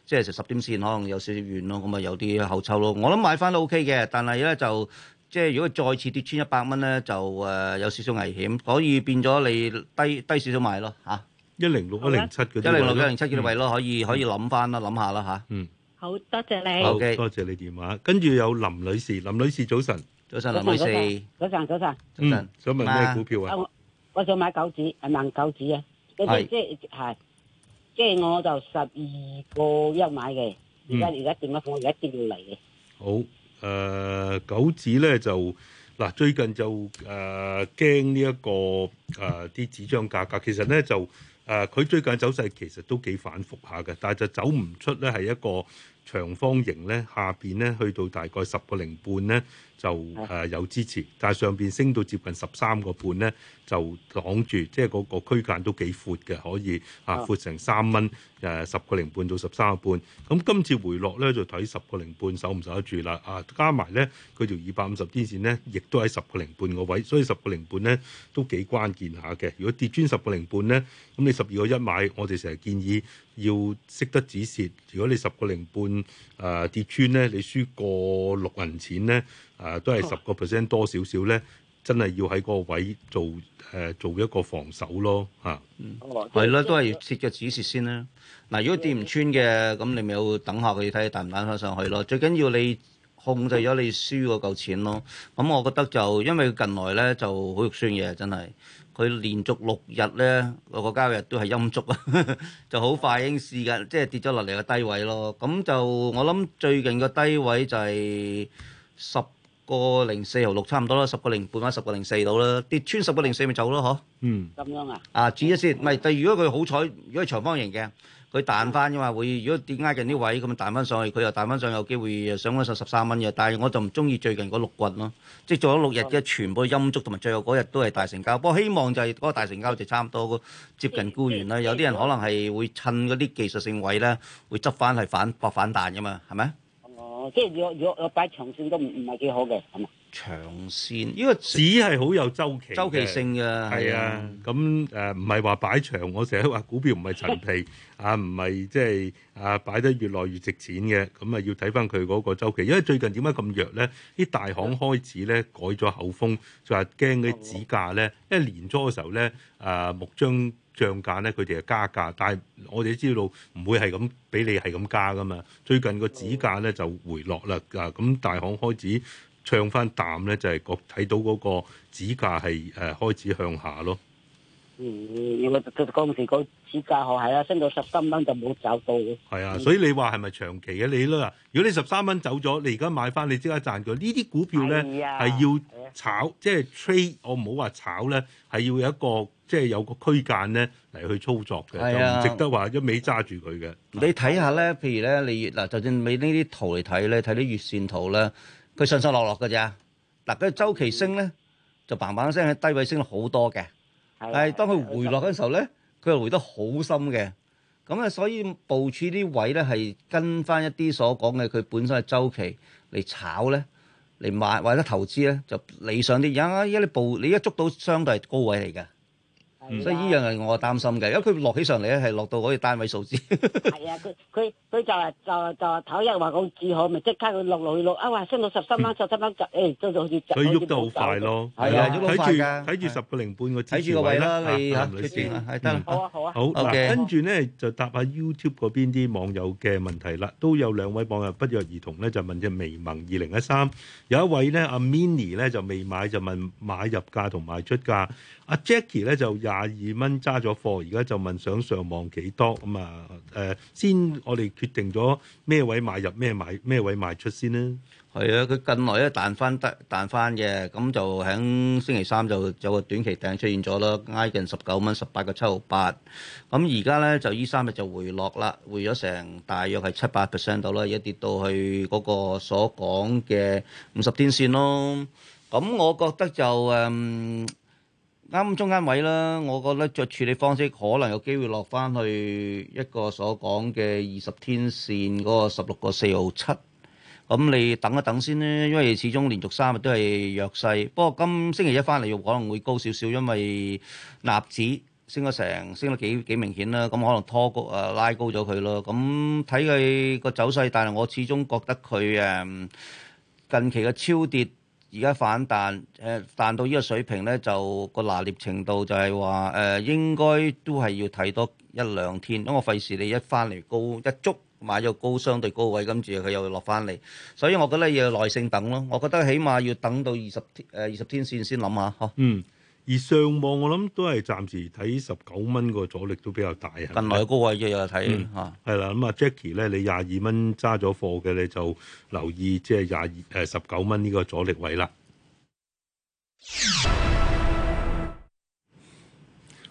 即係十點線，可能有少少遠咯，咁啊有啲後抽咯。我諗買翻都 OK 嘅，但係咧就即係如果再次跌穿一百蚊咧，就誒、呃、有少少危險，所以變咗你低低少少買咯嚇。啊一零六一零七一零六一零七嗰位咯，可以可以諗翻啦，諗下啦吓。嗯，好多謝你。好，多謝你電話。跟住有林女士，林女士早晨，早晨，林女士，早晨，早晨，早晨。嗯，想問咩股票啊？我想買九紙，係買九紙啊。係，即係係，即係我就十二個一買嘅。而家而家點啊？我而家一定要嚟嘅。好，誒，九紙咧就嗱，最近就誒驚呢一個誒啲紙張價格，其實咧就。誒，佢、啊、最近走勢其實都幾反覆下嘅，但係就走唔出咧，係一個長方形咧，下邊咧去到大概十個零半咧。就誒有支持，但係上邊升到接近十三個半咧，就擋住，即係嗰個區間都幾闊嘅，可以啊闊成三蚊誒十個零半到十三個半。咁今次回落咧就睇十個零半守唔守得住啦。啊加埋咧，佢條二百五十天線咧，亦都喺十個零半個位，所以十個零半咧都幾關鍵下嘅。如果跌穿十個零半咧，咁你十二個一買，我哋成日建議要識得止蝕。如果你十個零半誒跌穿咧，你輸過六銀錢咧。啊，都係十個 percent 多少少咧，真係要喺嗰個位做誒、呃、做一個防守咯，嚇，係咯，都係要設個止蝕先啦。嗱、啊，如果跌唔穿嘅，咁你咪要等下佢睇彈唔彈翻上去咯。最緊要你控制咗你輸嗰嚿錢咯。咁、嗯嗯、我覺得就因為近來咧就好肉酸嘅，真係佢連續六日咧個交易日都係陰燭啊， [laughs] 就好快已經試緊，即係跌咗落嚟個低位咯。咁就我諗最近個低位就係十個零四毫六差唔多啦，十個零半翻十個零四度啦，跌穿十個零四咪走咯嗬。嗯，咁樣啊？啊，注意先，唔係，但如果佢好彩，如果係長方形嘅，佢彈翻嘅嘛，會如果跌挨近啲位，咁咪彈翻上去，佢又彈翻上去，有機會上翻十十三蚊嘅。但係我就唔中意最近嗰六棍咯，即係做咗六日嘅全部陰燭，同埋最後嗰日都係大成交。不過希望就係嗰個大成交就差唔多接近沽完啦。有啲人可能係會趁嗰啲技術性位咧，會執翻係反博反彈嘅嘛，係咪？哦，即係若若若擺長線都唔唔係幾好嘅，係嘛？長線，因為紙係好有周期、週期性嘅。係啊，咁誒唔係話擺長，我成日話股票唔係陳皮 [laughs] 啊，唔係即係啊，擺得越耐越值錢嘅。咁啊要睇翻佢嗰個週期，因為最近點解咁弱咧？啲大行開始咧改咗口風，就話驚啲紙價咧，因為年初嘅時候咧誒木漿。漲價咧，佢哋係加價，但係我哋知道唔會係咁俾你係咁加噶嘛。最近個指價咧就回落啦，咁、嗯啊、大行開始唱翻淡咧，就係、是、睇到嗰個指價係誒、啊、開始向下咯。嗯，我當時個指價係啊，升到十三蚊就冇走到。係啊，所以你話係咪長期嘅你咧？如果你十三蚊走咗，你而家買翻，你即刻賺咗呢啲股票咧係、哎、呀要炒，即係 trade。Trade，我唔好話炒咧，係要有一個。即係有個區間咧嚟去操作嘅，就唔值得話一味揸住佢嘅。你睇下咧，譬如咧，你嗱，就算你呢啲圖嚟睇咧，睇啲月線圖啦，佢上上落落㗎咋。嗱，佢周期升咧就砰砰聲喺低位升好多嘅，的但係。當佢回落嘅時候咧，佢又回，回得好深嘅。咁咧，所以部署啲位咧係跟翻一啲所講嘅佢本身嘅周期嚟炒咧，嚟買或者投資咧就理想啲。而家一啲佈，你一捉到相對高位嚟嘅。所以依樣嘢我係擔心嘅，因為佢落起上嚟咧，係落到嗰啲單位數字。係啊，佢佢佢就係就就係頭一日話咁自豪，咪即刻佢落落去落啊！哇，升到十三蚊，十三蚊就誒，就就好似。佢喐得好快咯，係啊，喐得好快，睇住睇住十個零半個。睇住個位啦，你阿女士，好啊好啊。好嗱，跟住咧就答下 YouTube 嗰邊啲網友嘅問題啦。都有兩位網友不約而同咧，就問隻微盟二零一三。有一位咧阿 Minnie 咧就未買，就問買入價同賣出價。阿 Jackie 咧就廿。廿二蚊揸咗貨，而家就問想上望幾多咁啊？誒、呃，先我哋決定咗咩位買入，咩買咩位賣出先咧？係啊，佢近來咧彈翻得彈翻嘅，咁就喺星期三就，就有個短期頂出現咗啦，挨近十九蚊十八個七毫八。咁而家咧就依三日就回落啦，回咗成大約係七八 percent 到啦，一跌到去嗰個所講嘅五十天線咯。咁我覺得就誒。嗯啱中間位啦，我覺得著處理方式可能有機會落翻去一個所講嘅二十天線嗰個十六個四號七，咁你等一等先啦，因為始終連續三日都係弱勢。不過今星期一翻嚟又可能會高少少，因為納指升咗成，升咗幾幾明顯啦，咁可能拖高啊拉高咗佢咯。咁睇佢個走勢，但係我始終覺得佢誒近期嘅超跌。而家反彈，誒、呃、彈到呢個水平咧，就個拿捏程度就係話誒，應該都係要睇多一兩天，因為費事你一翻嚟高一捉買咗高，高相對高位，跟住佢又落翻嚟，所以我覺得要耐性等咯。我覺得起碼要等到二十天誒、呃、二十天線先諗下，嗬。嗯。而上望我諗都係暫時睇十九蚊個阻力都比較大啊！近來嘅高位嘅有睇嚇，係啦，咁啊 Jackie 咧，你廿二蚊揸咗貨嘅，你就留意即係廿二、誒十九蚊呢個阻力位啦。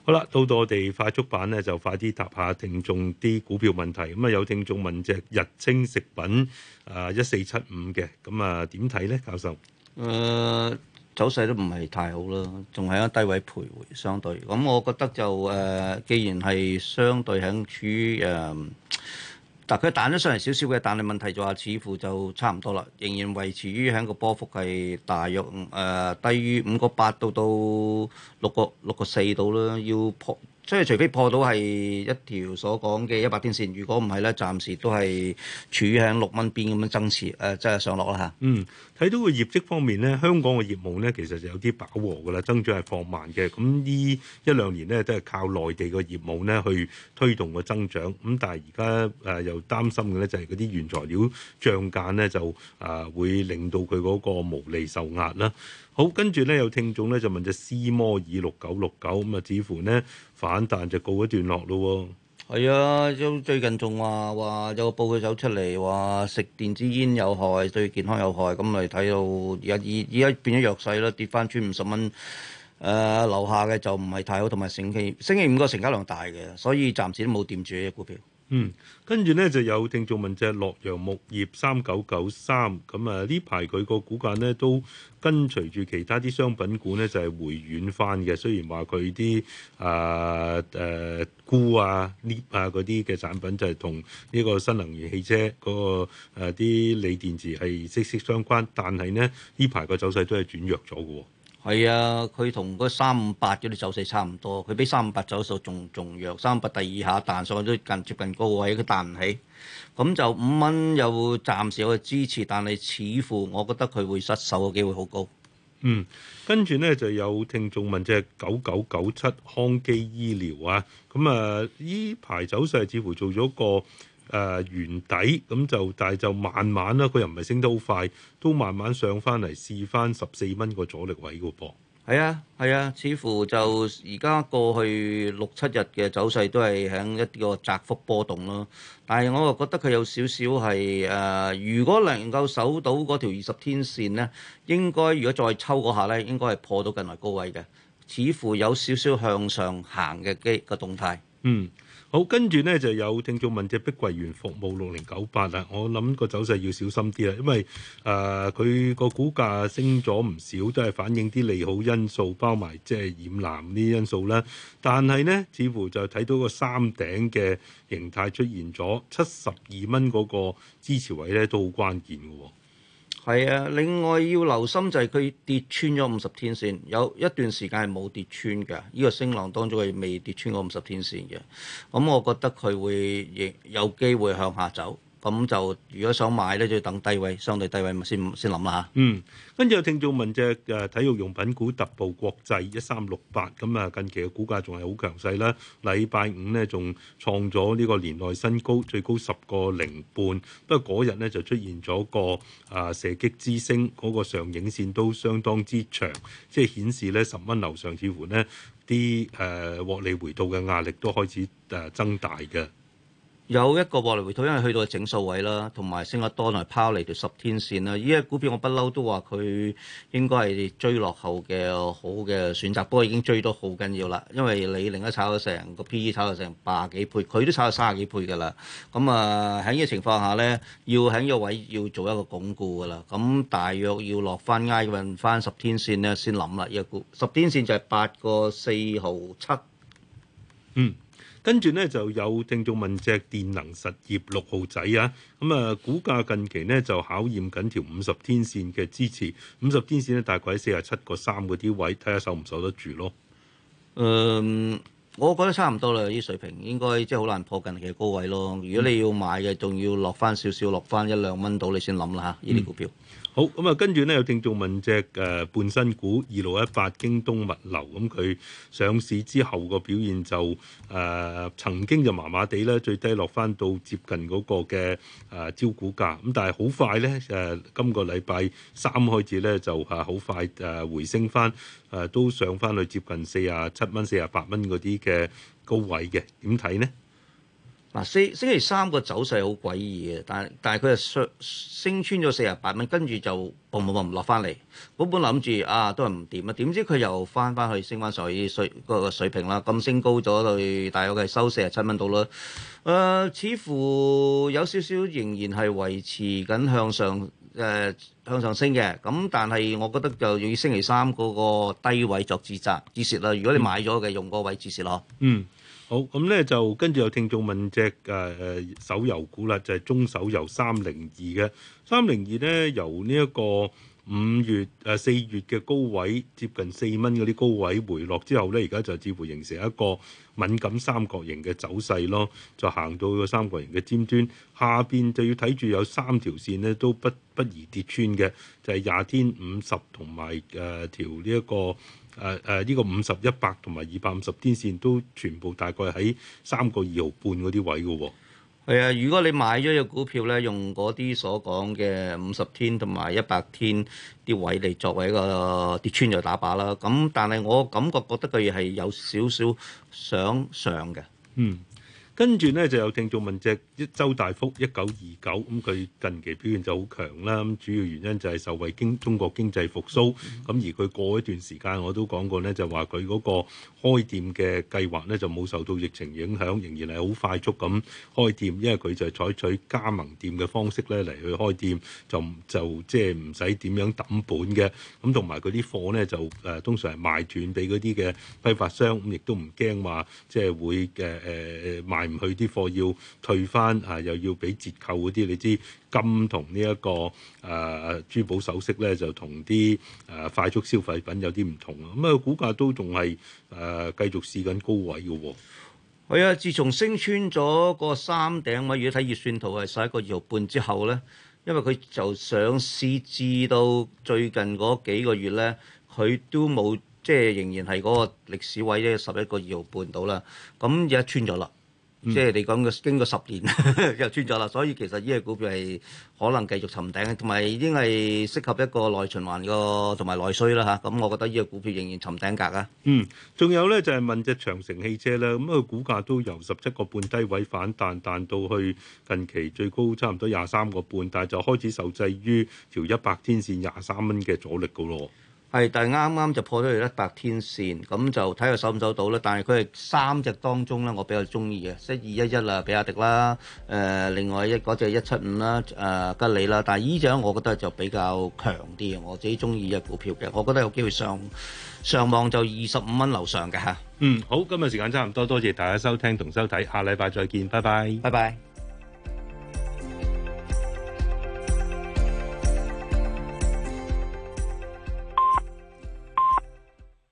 好啦，到到我哋快速版咧，就快啲答下聽眾啲股票問題。咁啊，有聽眾問隻日清食品啊一四七五嘅，咁啊點睇咧，教授？誒。走勢都唔係太好咯，仲喺低位徘徊相對。咁、嗯、我覺得就誒、呃，既然係相對喺處誒，但佢彈咗上嚟少少嘅，但係問題就話似乎就差唔多啦，仍然維持於喺個波幅係大約誒、呃、低於五個八度到六個六個四度啦，要破。所以除非破到係一條所講嘅一百天線，如果唔係咧，暫時都係處於喺六蚊邊咁樣增持，誒、呃、即係上落啦嚇。嗯，睇到個業績方面咧，香港嘅業務咧其實就有啲飽和㗎喇，增長係放慢嘅。咁呢一兩年咧都係靠內地個業務咧去推動個增長。咁但係而家誒又擔心嘅咧就係嗰啲原材料漲價咧就誒會令到佢嗰個毛利受壓啦。好，跟住咧有聽眾咧就問隻思摩爾六九六九，咁啊，似乎咧反彈就告一段落咯。係啊，最近仲話話有個報告走出嚟話食電子煙有害，對健康有害，咁咪睇到而而而家變咗弱勢啦，跌返穿五十蚊誒樓下嘅就唔係太好，同埋星期星期五個成交量大嘅，所以暫時都冇掂住啲股票。嗯，跟住咧就有聽眾問隻洛陽鉬業三九九三，咁啊呢排佢個股價咧都跟隨住其他啲商品股咧就係、是、回軟翻嘅。雖然話佢啲啊誒鈷啊、鋰啊嗰啲嘅產品就係同呢個新能源汽車嗰、那個啲鋰、呃、電池係息息相關，但係咧呢排個走勢都係轉弱咗嘅、哦。係啊，佢同嗰三五八嗰啲走勢差唔多，佢比三五八走勢仲仲弱，三五八第二下彈上去都近接近高位，佢彈唔起。咁就五蚊有暫時有嘅支持，但係似乎我覺得佢會失手嘅機會好高。嗯，跟住咧就有聽眾問隻九九九七康基醫療啊，咁啊依排走勢似乎做咗個。誒原、呃、底咁就，但係就慢慢啦，佢又唔係升得好快，都慢慢上翻嚟試翻十四蚊個阻力位嘅噃。係啊，係啊，似乎就而家過去六七日嘅走勢都係喺一啲個窄幅波動咯。但係我又覺得佢有少少係誒，如果能夠守到嗰條二十天線咧，應該如果再抽嗰下咧，應該係破到近來高位嘅。似乎有少少向上行嘅機個動態。嗯。好，跟住咧就有聽眾問隻碧桂園服務六零九八啊，我諗個走勢要小心啲啊，因為誒佢個股價升咗唔少，都係反映啲利好因素，包埋即係染藍呢啲因素啦。但係咧，似乎就睇到個三頂嘅形態出現咗，七十二蚊嗰個支持位咧都好關鍵嘅喎。係啊，另外要留心就係佢跌穿咗五十天線，有一段時間係冇跌穿嘅，呢個升浪當中係未跌穿過五十天線嘅，咁我覺得佢會亦有機會向下走。咁就如果想買咧，就要等低位、相對低位咪先先諗下。嗯，跟住有聽眾問隻誒體育用品股特步國際一三六八，咁啊近期嘅股價仲係好強勢啦。禮拜五呢，仲創咗呢個年內新高，最高十個零半。不過嗰日呢，就出現咗個啊射擊之星，嗰、嗰個上影線都相當之長，即係顯示呢十蚊樓上似乎呢啲誒獲利回吐嘅壓力都開始誒增大嘅。有一個獲利回吐，因為去到整數位啦，同埋升得多同埋拋離條十天線啦。依個股票我不嬲都話佢應該係追落後嘅好嘅選擇，不過已經追到好緊要啦。因為你另一炒到成個 P/E 炒到成八幾倍，佢都炒到三十幾倍㗎啦。咁啊喺呢個情況下咧，要喺呢個位要做一個鞏固㗎啦。咁、嗯、大約要落翻挨運翻十天線咧，先諗啦。依、這個股十天線就係八個四毫七，嗯。跟住咧就有聽眾問隻電能實業六號仔啊，咁、嗯、啊股價近期呢，就考驗緊條五十天線嘅支持，五十天線呢，大概喺四十七個三嗰啲位，睇下守唔守得住咯。嗯，我覺得差唔多啦，呢水平應該即係好難破近期嘅高位咯。如果你要買嘅，仲要落翻少少，落翻一兩蚊到，你先諗啦吓，呢啲股票。嗯好咁啊，跟住咧有聽眾問隻誒半新股二六一八京東物流咁，佢上市之後個表現就誒、呃、曾經就麻麻地咧，最低落翻到接近嗰個嘅誒招股價，咁，但係好快咧誒、呃，今個禮拜三開始咧就誒好快誒回升翻誒、呃、都上翻去接近四十七蚊、四十八蚊嗰啲嘅高位嘅，點睇咧？嗱，星星期三個走勢好詭異嘅，但係但係佢係上升穿咗四十八蚊，跟住就嘣嘣落翻嚟。我本諗住啊，都係唔掂啊，點知佢又翻翻去升翻上去水嗰個水，水平啦，咁升高咗對，大概係收四十七蚊到啦。誒、呃，似乎有少少仍然係維持緊向上誒、呃、向上升嘅，咁但係我覺得就要星期三嗰個低位作支撐、止蝕啦。如果你買咗嘅，嗯、用嗰個位止蝕咯。嗯。好，咁咧、呃，就跟住有聽眾問隻誒手遊股啦，就係中手遊三零二嘅三零二咧，由呢一個五月誒四、呃、月嘅高位接近四蚊嗰啲高位回落之後咧，而家就似乎形成一個敏感三角形嘅走勢咯，就行到個三角形嘅尖端，下邊就要睇住有三條線咧都不不易跌穿嘅，就係、是、廿天五十同埋誒條呢一個。誒誒，呢個五十、一百同埋二百五十天線都全部大概喺三個二毫半嗰啲位嘅喎。係啊，如果你買咗隻股票咧，用嗰啲所講嘅五十天同埋一百天啲位嚟作為一個跌穿就打靶啦。咁但係我感覺覺得佢係有少少想上嘅。嗯。跟住咧就有聽眾問，只一周大福一九二九，咁佢、嗯、近期表現就好強啦。咁主要原因就係受惠經中國經濟復蘇，咁、嗯、而佢過一段時間我都講過咧，就話佢嗰個開店嘅計劃咧就冇受到疫情影響，仍然係好快速咁開店。因為佢就係採取加盟店嘅方式咧嚟去開店，就就即係唔使點樣抌本嘅。咁同埋佢啲貨咧就誒、呃、通常係賣斷俾嗰啲嘅批發商，咁亦都唔驚話即係會誒誒、呃呃、賣。唔去啲貨要退翻啊，又要俾折扣嗰啲。你知金同呢一個誒、啊、珠寶首飾咧，就同啲誒快速消費品有啲唔同啊。咁啊，股價都仲係誒繼續試緊高位嘅喎。係啊，嗯，自從升穿咗個三頂位，如果睇月線圖係十一個二毫半之後咧，因為佢就上試至到最近嗰幾個月咧，佢都冇即係仍然係嗰個歷史位咧十一個二毫半到啦。咁而家穿咗啦。即係你講嘅經過十年 [laughs] 又穿咗啦，所以其實呢個股票係可能繼續沉頂，同埋已經係適合一個內循環個同埋內需啦嚇。咁我覺得呢個股票仍然沉頂格啊。嗯，仲有呢，就係、是、問隻長城汽車咧，咁、嗯、佢股價都由十七個半低位反彈，彈到去近期最高差唔多廿三個半，但係就開始受制於條一百天線廿三蚊嘅阻力噶咯。係，但係啱啱就破咗嚟一百天線，咁就睇下收唔收到啦。但係佢係三隻當中咧，我比較中意嘅，即二一一啦，比亞迪啦，誒、呃，另外一嗰隻一七五啦，誒、呃、吉利啦。但係依隻我覺得就比較強啲嘅，我自己中意嘅股票嘅，我覺得有機會上上望就二十五蚊樓上嘅嚇。嗯，好，今日時間差唔多，多謝大家收聽同收睇，下禮拜再見，拜拜，拜拜。